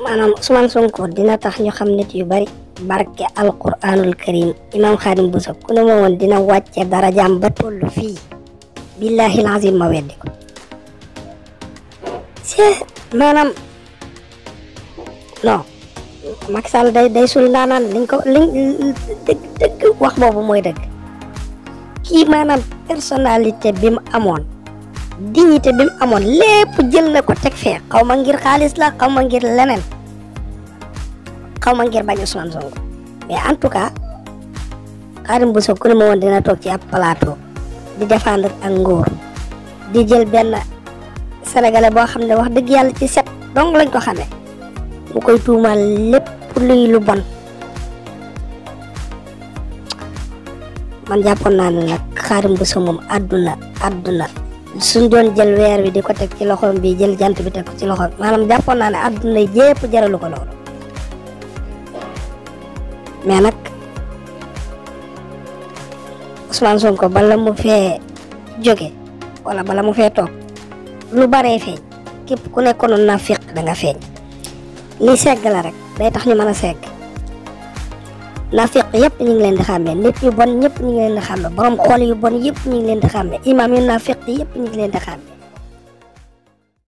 manam Ousmane Sonko dina tax ñu xam nit yu bari barke alquranul karim imam Harim busuk. ku no won dina wacce dara jam ba tollu fi billahi alazim ma wedd ko ci manam no Macky Sall day day sul nanan liñ ko liñ deug deug wax bobu moy deug ki manam personnalité amone dignité bi amone lepp jël na ko tek fee xawma ngir kau la xawma ngir lenen xawma ngir bañ Ousmane songo mais en tout cas Karim Bousso ku mo won dina tok ci ap plateau di défendre ak ngor di jël ben sénégalais bo xamné wax deug yalla ci set dong lañ ko xamé mu koy tuumaal lepp luy lu bon man japon nak Karim Bousso mom aduna aduna suñ doon jël wër bi di tek ci loxom bi jël jant bi tek ci loxom manam jappon na ne aduna jépp jaralu ko loolu mais nag Ousmane Sonko bala mu fé joggé wala bala mu fé tok lu bare fé képp ku nekkoon na fiq da nga fé ni ségg la rek day tax ñu mëna ségg nafiq yëpp ñu ngi leen di xàmmee nit yu bon ñëpp ñu ngi leen di xàmmee borom xool yu bon yëpp ñu ngi leen di xàmmee imaam yu nafiq yëpp ñu ngi leen di xàmmee